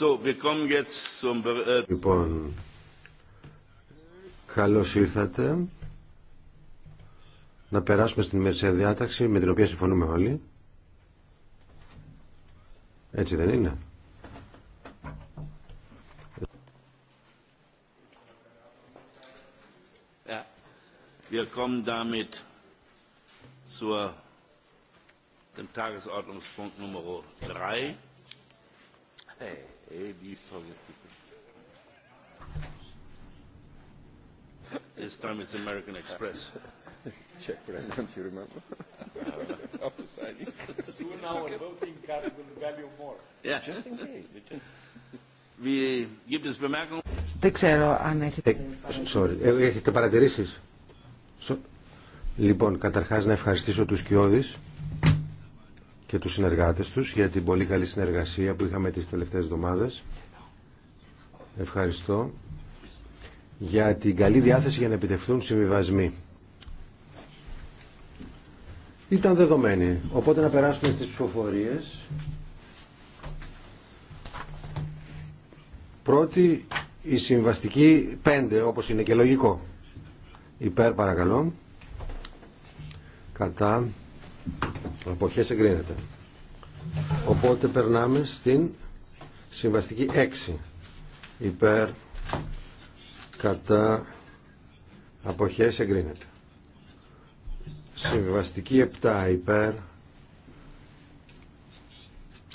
Äh, λοιπόν, καλώς ήρθατε. Να περάσουμε στην ημερησία διάταξη με την οποία συμφωνούμε όλοι. Έτσι δεν είναι. Yeah. Wir e di storia This time it's American Express. Check president, you remember? After signing. Soon our voting card will value more. Yeah. Just in case. Wie, gibt es Bemerkungen? Δεν ξέρω αν έχετε... sorry. έχετε παρατηρήσεις. Λοιπόν, καταρχάς να ευχαριστήσω τους Κιώδης και τους συνεργάτες τους για την πολύ καλή συνεργασία που είχαμε τις τελευταίες εβδομάδες. Ευχαριστώ για την καλή διάθεση για να επιτευχθούν συμβιβασμοί. Ήταν δεδομένοι. Οπότε να περάσουμε στις ψηφοφορίες. Πρώτη, η συμβαστική 5, όπως είναι και λογικό. Υπέρ παρακαλώ. Κατά. Αποχές εγκρίνεται. Οπότε περνάμε στην συμβαστική 6. Υπέρ κατά αποχές εγκρίνεται. Συμβαστική 7 υπέρ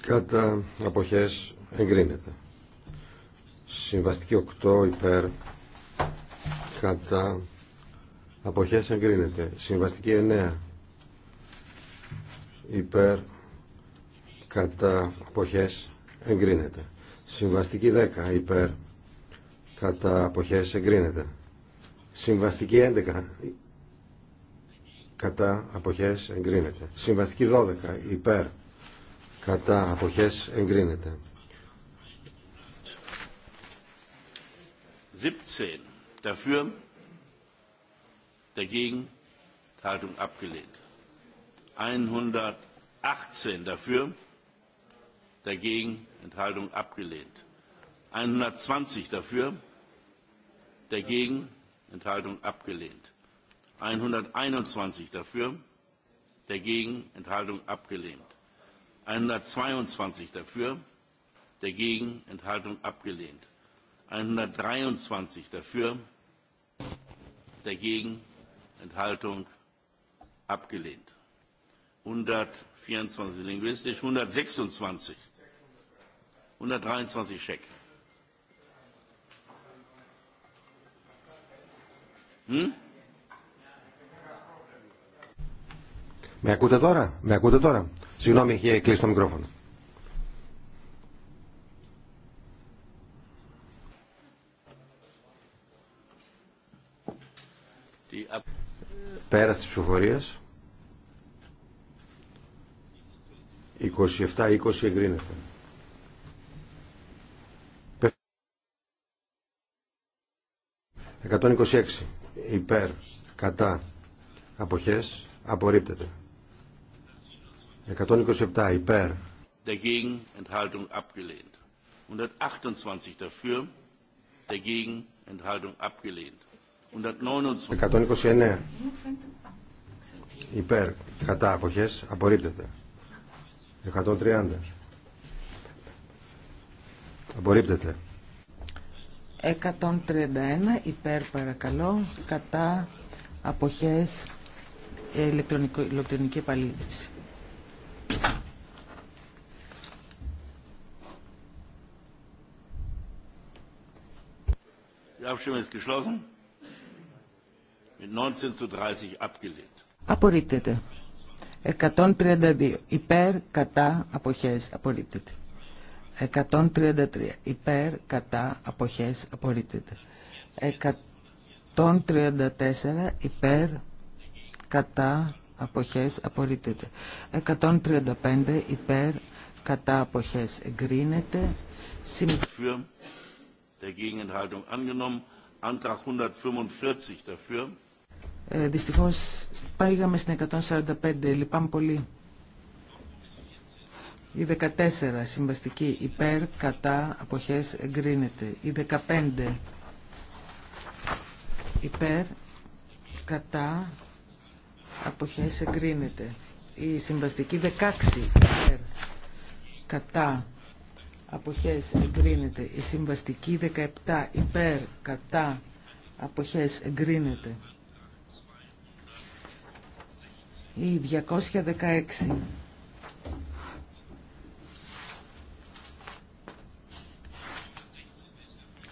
κατά αποχές εγκρίνεται. Συμβαστική 8 υπέρ κατά αποχές εγκρίνεται. Συμβαστική 9 υπέρ κατά αποχές εγκρίνεται. Συμβαστική 10 υπέρ κατά αποχές εγκρίνεται. Συμβαστική 11 κατά αποχές εγκρίνεται. Συμβαστική 12 υπέρ κατά αποχές εγκρίνεται. 17 dafür dagegen Haltung abgelehnt. 100 18 dafür, dagegen Enthaltung abgelehnt. 120 dafür, dagegen Enthaltung abgelehnt. 121 dafür, dagegen Enthaltung abgelehnt. 122 dafür, dagegen Enthaltung abgelehnt. 123 dafür, dagegen Enthaltung abgelehnt. 124 linguistisch, 126, 123 Scheck. Hm? Με ακούτε τώρα, με ακούτε τώρα. Συγγνώμη, έχει κλείσει το μικρόφωνο. Πέραση τη ψηφοφορίες. 27-20 εγκρίνεται. ...126 υπέρ, κατά, αποχές, απορρίπτεται. 127 υπέρ. Dagegen, Enthaltung abgelehnt. 128 dafür, dagegen, Enthaltung abgelehnt. 129 υπέρ, κατά, αποχές, απορρίπτεται. 130. Απορρίπτεται. 131 υπέρ παρακαλώ κατά αποχές ηλεκτρονική επαλήθευση. Απορρίπτεται. 132 υπέρ κατά αποχές απορρίπτεται. 133 υπέρ κατά αποχές απορρίπτεται. 134 υπέρ κατά αποχές απορρίπτεται. 135 υπέρ κατά αποχές εγκρίνεται. Dagegen Enthaltung angenommen. Antrag 145 dafür ε, δυστυχώς στην 145, λυπάμαι πολύ. Η 14 συμβαστική υπέρ, κατά, αποχές εγκρίνεται. Η 15 υπέρ, κατά, αποχές εγκρίνεται. Η συμβαστική 16 υπέρ, κατά, αποχές εγκρίνεται. Η συμβαστική 17 υπέρ, κατά, αποχές εγκρίνεται. Η 216.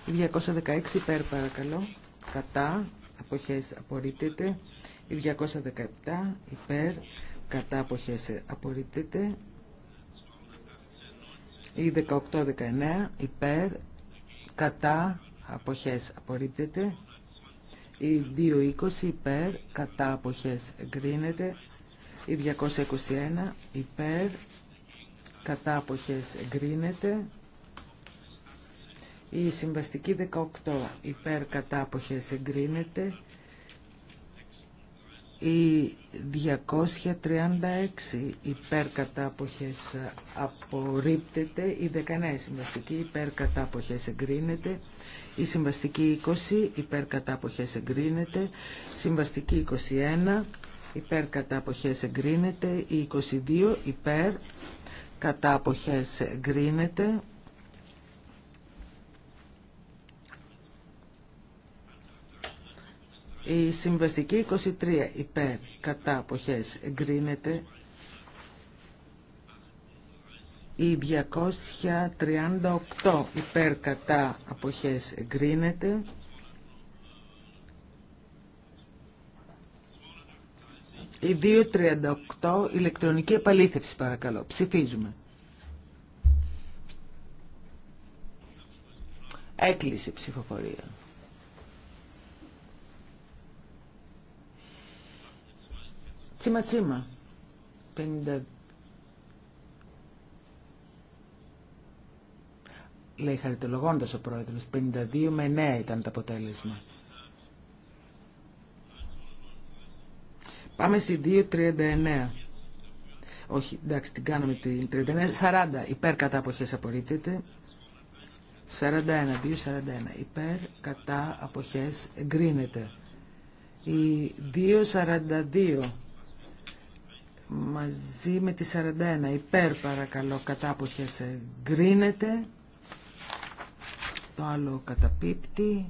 Η 216 υπέρ παρακαλώ. Κατά. Αποχές απορρίπτεται. Η 217 υπέρ. Κατά αποχές απορρίπτεται. Η 18-19 υπέρ. Κατά αποχές απορρίπτεται. Η 220 υπέρ. Κατά αποχές εγκρίνεται. Η 221 υπέρ κατά εγκρίνεται. Η συμβαστική 18 υπέρ κατά αποχές εγκρίνεται. Η 236 υπέρ κατά απορρίπτεται. Η 19 συμβαστική υπέρ κατά εγκρίνεται. Η συμβαστική 20 υπέρ κατά εγκρίνεται. Συμβαστική 21 υπέρ κατά εγκρίνεται, η 22 υπέρ κατά αποχές εγκρίνεται, η συμβαστική 23 υπέρ κατά αποχές εγκρίνεται, η 238 υπέρ κατά αποχές εγκρίνεται, Η 238 ηλεκτρονική επαλήθευση παρακαλώ. Ψηφίζουμε. Έκλεισε η ψηφοφορία. Τσίμα τσίμα. 50... Λέει χαριτολογώντας ο πρόεδρος. 52 με 9 ήταν το αποτέλεσμα. Πάμε στη 2.39. Όχι, εντάξει, την κάνουμε την 39. 40 υπέρ κατά αποχές απορρίπτεται. 41, 2.41 υπέρ κατά αποχές εγκρίνεται. Η 2.42 μαζί με τη 41 υπέρ παρακαλώ κατά αποχές εγκρίνεται. Το άλλο καταπίπτει.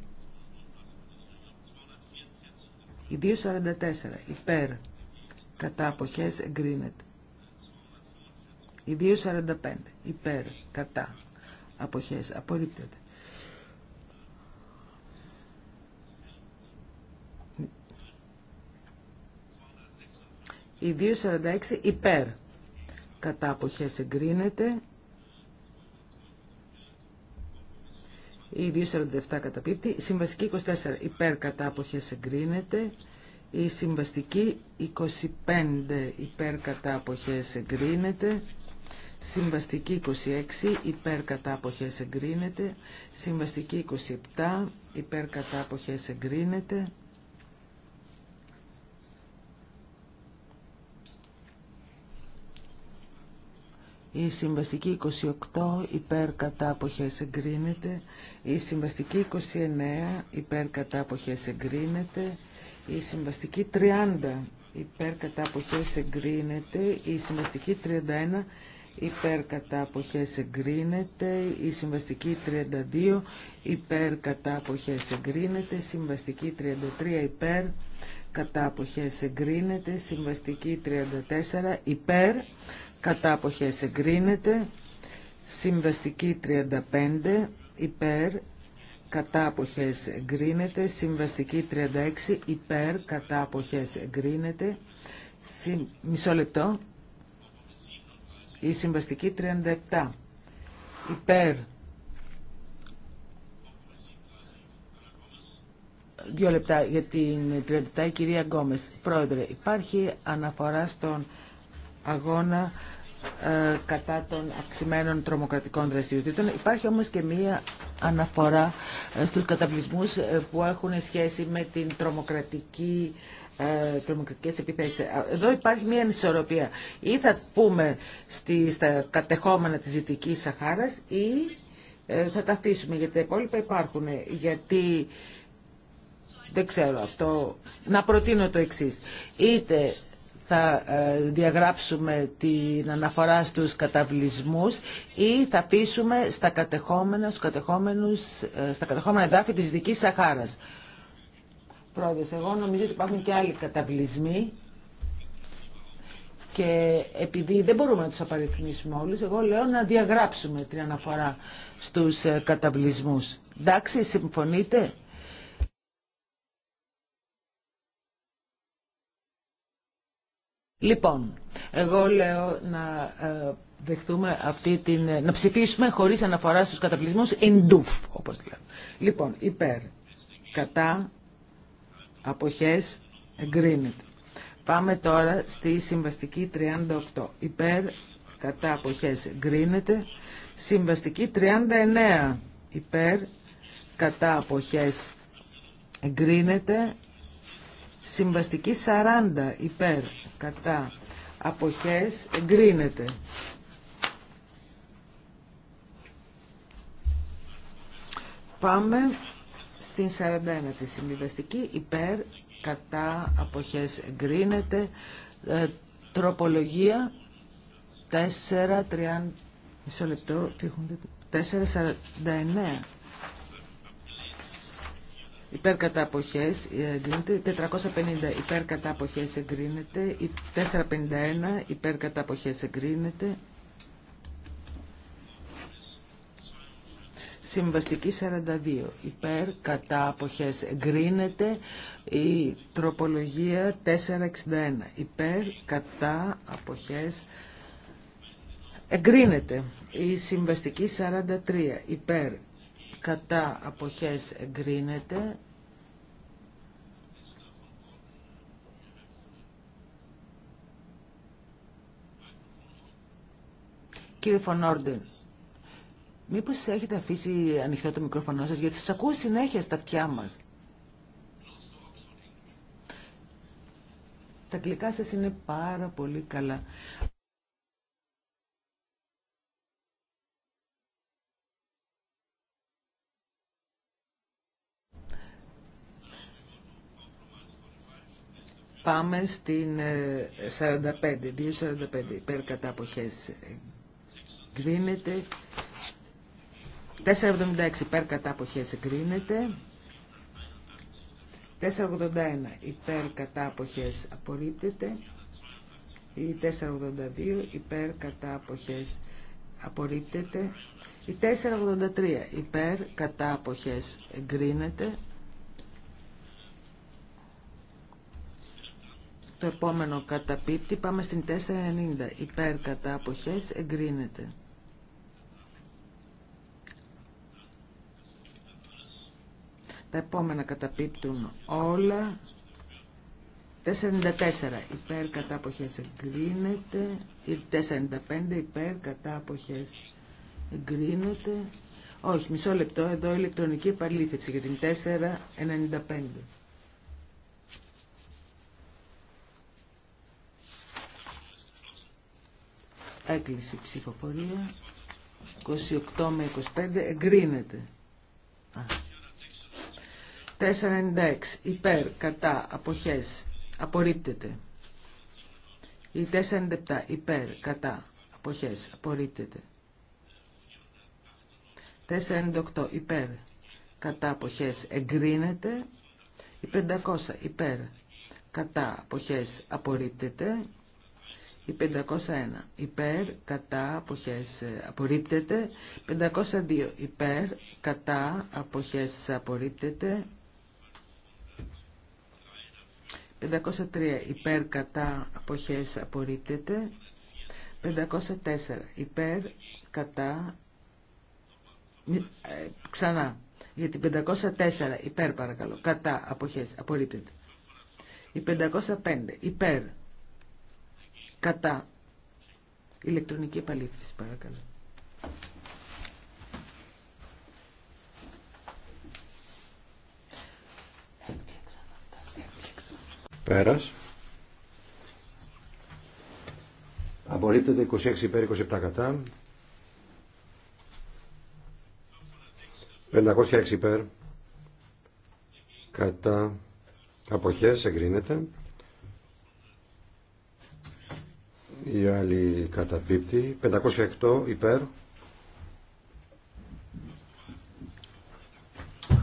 Η 244 υπέρ κατά αποχές εγκρίνεται. Η 245 υπέρ κατά αποχές απορρίπτεται. Η 246 υπέρ κατά αποχές εγκρίνεται. η 247 καταπίπτει, η συμβαστική 24 υπέρ κατά αποχές εγκρίνεται, η συμβαστική 25 υπέρ κατά αποχές εγκρίνεται, συμβαστική 26 υπέρ κατά αποχές εγκρίνεται, συμβαστική 27 υπέρ κατά αποχές εγκρίνεται, Η συμβαστική 28 υπέρ κατά εγκρίνεται. Η συμβαστική 29 υπέρ κατά εγκρίνεται. Η συμβαστική 30 υπέρ κατά εγκρίνεται. Η συμβαστική 31 υπέρ κατά εγκρίνεται. Η συμβαστική 32 υπέρ κατά εγκρίνεται. Η συμβαστική 33 υπέρ κατά εγκρίνεται, συμβαστική 34 υπέρ, κατά αποχές εγκρίνεται, συμβαστική 35 υπέρ, κατά αποχές εγκρίνεται, συμβαστική 36 υπέρ, κατά αποχές εγκρίνεται, Συμ... μισό λεπτό, η συμβαστική 37 υπέρ, δύο λεπτά για την τριάντα, η κυρία Γκόμες. Πρόεδρε, υπάρχει αναφορά στον αγώνα ε, κατά των αυξημένων τρομοκρατικών δραστηριοτήτων. Υπάρχει όμως και μία αναφορά ε, στους καταβλισμούς ε, που έχουν σχέση με την τρομοκρατική τρομοκρατικές επιθέσεις. Εδώ υπάρχει μια ανισορροπία. Ή θα πούμε στη, στα κατεχόμενα της Δυτικής Σαχάρας ή θα τα αφήσουμε γιατί τα υπόλοιπα υπάρχουν. Γιατί δεν ξέρω αυτό. Να προτείνω το εξής. Είτε θα ε, διαγράψουμε την αναφορά στους καταβλισμούς ή θα πείσουμε στα κατεχόμενα, στους κατεχόμενους, ε, στα κατεχόμενα εδάφη της Δικής Σαχάρας. Πρόεδρος, εγώ νομίζω ότι υπάρχουν και άλλοι καταβλισμοί και επειδή δεν μπορούμε να τους απαριθμίσουμε όλους, εγώ λέω να διαγράψουμε την αναφορά στους ε, καταβλισμούς. Εντάξει, συμφωνείτε. Λοιπόν, εγώ λέω να ε, δεχτούμε αυτή την... Ε, να ψηφίσουμε χωρίς αναφορά στους καταπλησμούς in doof, όπως λέμε. Λοιπόν, υπέρ, κατά, αποχές, εγκρίνεται. Πάμε τώρα στη συμβαστική 38. Υπέρ, κατά, αποχές, εγκρίνεται. Συμβαστική 39. Υπέρ, κατά, αποχές, εγκρίνεται. Συμβαστική 40 υπέρ κατά αποχές εγκρίνεται. Πάμε στην 41 τη συμβιβαστική υπέρ κατά αποχές εγκρίνεται ε, τροπολογία 4.30 μισό λεπτό υπέρ εγκρίνεται, 450 υπέρ εγκρίνεται, 451 υπέρ κατά εγκρίνεται, Συμβαστική 42. Υπέρ, κατά, εγκρίνεται η τροπολογία 461. Υπέρ, κατά, εγκρίνεται η συμβαστική 43. Υπέρ, κατά αποχές εγκρίνεται. Κύριε φωνόρντε, μήπως έχετε αφήσει ανοιχτό το μικρόφωνο σας, γιατί σας ακούω συνέχεια στα αυτιά μας. Τα αγγλικά σας είναι πάρα πολύ καλά. Πάμε στην 45, 2.45, υπέρ κατά γκρίνεται. 4.76 υπέρ κατά αποχές 4.81 υπέρ κατά απορρίπτεται. Η 4.82 υπέρ κατά απορρίπτεται. Η 4.83 υπέρ κατά αποχές Το επόμενο καταπίπτει. Πάμε στην 490. Υπέρ κατά αποχές εγκρίνεται. Τα επόμενα καταπίπτουν όλα. 494 υπέρ κατά αποχές εγκρίνεται. 495 υπέρ κατά αποχές εγκρίνεται. Όχι, μισό λεπτό. Εδώ ηλεκτρονική επαλήθευση για την 495. Έκλεισε η ψηφοφορία. 28 με 25 εγκρίνεται. 496 υπέρ, κατά, αποχές, απορρίπτεται. Η 497 υπέρ, κατά, αποχές, απορρίπτεται. 498 υπέρ, κατά, αποχές, εγκρίνεται. Η 500 υπέρ, κατά, αποχές, απορρίπτεται. Η 501 ε, υπέρ, κατά, αποχές απορρίπτεται. 502 υπέρ, κατά, αποχές απορρίπτεται. 503 υπέρ, κατά, αποχές απορρίπτεται. 504 υπέρ, κατά, ξανά. Γιατί 504 υπέρ παρακαλώ, κατά αποχές απορρίπτεται. Η 505 υπέρ, Κατά. Ηλεκτρονική επαλήθευση παρακαλώ. Πέρας. Απορρίπτεται 26 υπέρ 27 κατά. 506 υπέρ. Κατά. Αποχές εγκρίνεται. Η άλλη καταπίπτει. 508 υπέρ.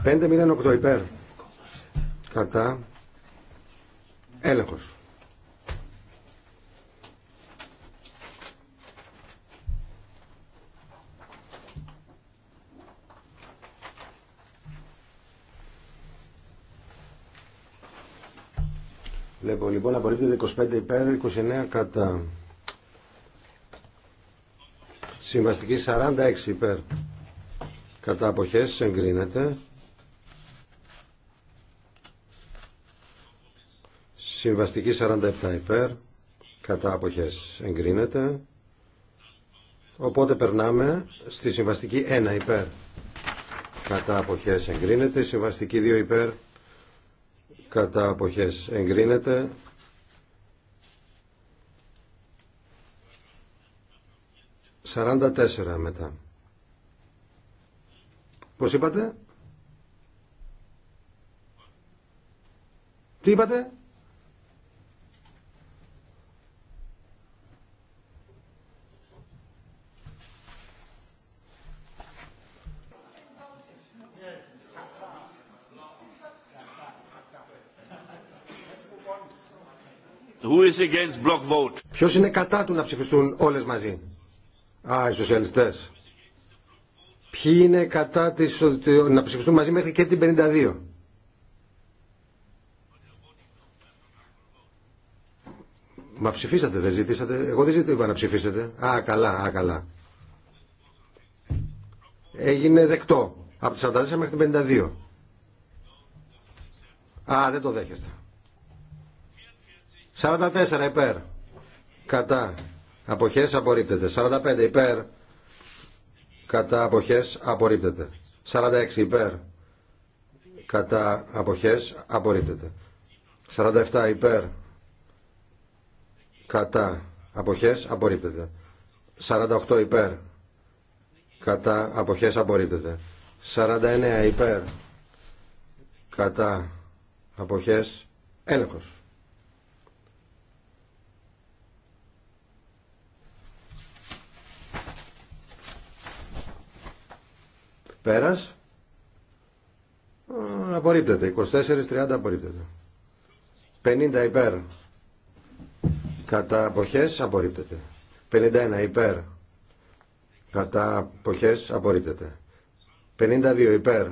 508 υπέρ. Κατά. Έλεγχος. Βλέπω λοιπόν απορρίπτεται 25 υπέρ, 29 κατά. Συμβαστική 46 υπέρ. Κατά αποχές εγκρίνεται. Συμβαστική 47 υπέρ. Κατά αποχές εγκρίνεται. Οπότε περνάμε στη συμβαστική 1 υπέρ. Κατά αποχές εγκρίνεται. Συμβαστική 2 υπέρ. Κατά αποχές εγκρίνεται. 44 μετά. Πώς είπατε? Τι είπατε? Who is against block vote? Ποιος είναι κατά του να ψηφιστούν όλες μαζί. Α, οι σοσιαλιστές. Ποιοι είναι κατά της, να ψηφιστούν μαζί μέχρι και την 52. Μα ψηφίσατε, δεν ζητήσατε. Εγώ δεν ζήτησα να ψηφίσετε. Α, καλά, α, καλά. Έγινε δεκτό. Από τις 44 μέχρι την 52. Α, δεν το δέχεστε. 44 υπέρ. Κατά αποχές απορρίπτεται. 45 υπέρ κατά αποχές απορρίπτεται. 46 υπέρ κατά αποχές απορρίπτεται. 47 υπέρ κατά αποχές απορρίπτεται. 48 υπέρ κατά αποχές απορρίπτεται. 49 υπέρ κατά αποχές έλεγχος. Πέρας. Ε, απορρίπτεται. 24-30 απορρίπτεται. 50 υπέρ. Κατά αποχές απορρίπτεται. 51 υπέρ. Κατά αποχές απορρίπτεται. 52 υπέρ.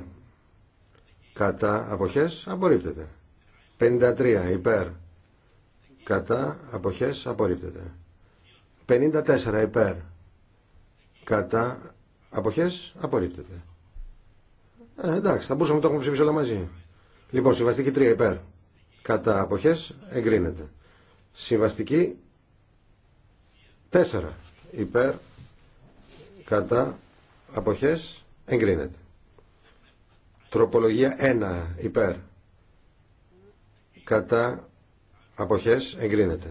Κατά αποχές απορρίπτεται. 53 υπέρ. Κατά αποχές απορρίπτεται. 54 υπέρ. Κατά αποχές απορρίπτεται. Ε, εντάξει, θα μπορούσαμε να το έχουμε ψηφίσει όλα μαζί. Λοιπόν, συμβαστική 3 υπέρ. Κατά απόχέ, εγκρίνεται. Συμβαστική 4 υπέρ. Κατά απόχέ, εγκρίνεται. Τροπολογία 1 υπέρ. Κατά απόχέ, εγκρίνεται.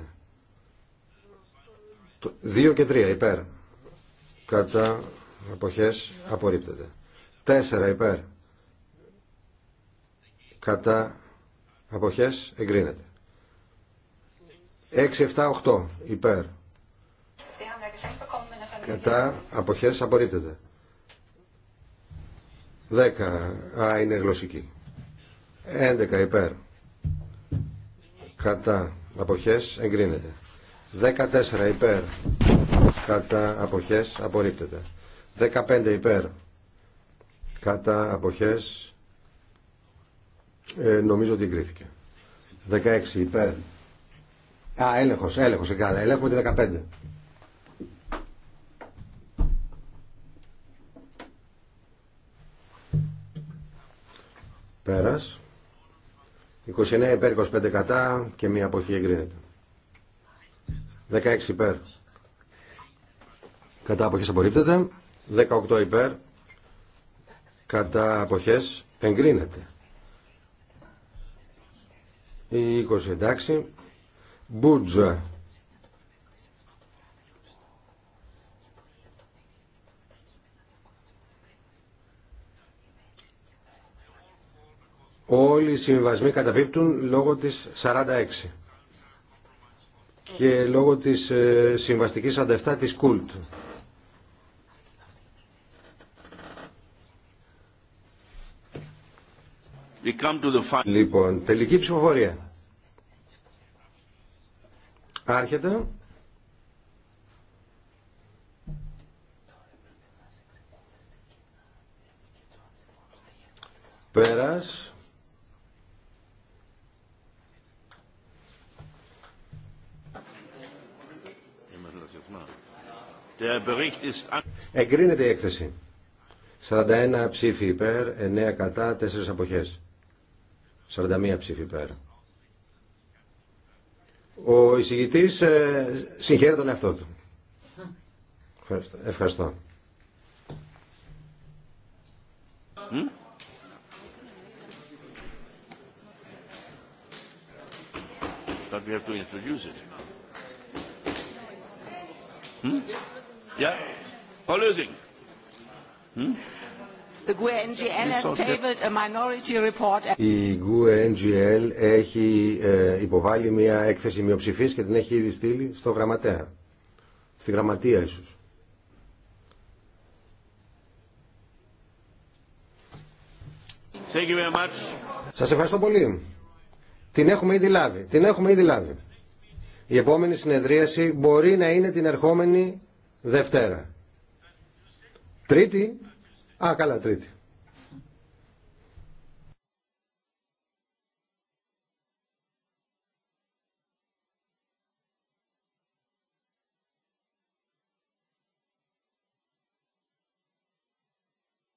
2 και 3 υπέρ. Κατά απόχέ, απορρίπτεται. 4 υπέρ κατά αποχές εγκρίνεται 6, 7, 8 υπέρ κατά αποχές απορρίπτεται 10 α είναι γλωσσική 11 υπέρ κατά αποχές εγκρίνεται 14 υπέρ κατά αποχές απορρίπτεται 15 υπέρ κατά αποχές ε, νομίζω ότι εγκρίθηκε. 16 υπέρ. Α, έλεγχος, έλεγχος, εγκάλα. Ελέγχουμε τη 15. Πέρας. 29 υπέρ, 25 κατά και μία αποχή εγκρίνεται. 16 υπέρ. Κατά αποχές απορρίπτεται. 18 υπέρ. Κατά αποχές εγκρίνεται. Η 20 εντάξει. Μπούτζα. Όλοι οι συμβιβασμοί καταπίπτουν λόγω της 46 και λόγω της ε, συμβαστικής 47 της Κούλτ. Λοιπόν, τελική ψηφοφορία. Άρχεται. Πέρας. Εγκρίνεται η έκθεση. 41 ψήφοι υπέρ, 9 κατά, 4 αποχές. 41 ψήφοι πέρα. Ο εισηγητής ε, συγχαίρει τον εαυτό του. Ευχαριστώ. Ευχαριστώ. Hm? But we have to introduce it. Hmm? Yeah? For Lösing. Hmm? E Η GUE έχει ε, υποβάλει μια έκθεση μειοψηφής και την έχει ήδη στείλει στο γραμματέα. Στη γραμματεία ίσως. Σας ευχαριστώ πολύ. Την έχουμε ήδη λάβει. Την έχουμε ήδη λάβει. Η επόμενη συνεδρίαση μπορεί να είναι την ερχόμενη Δευτέρα. Τρίτη, Α, καλά, τρίτη.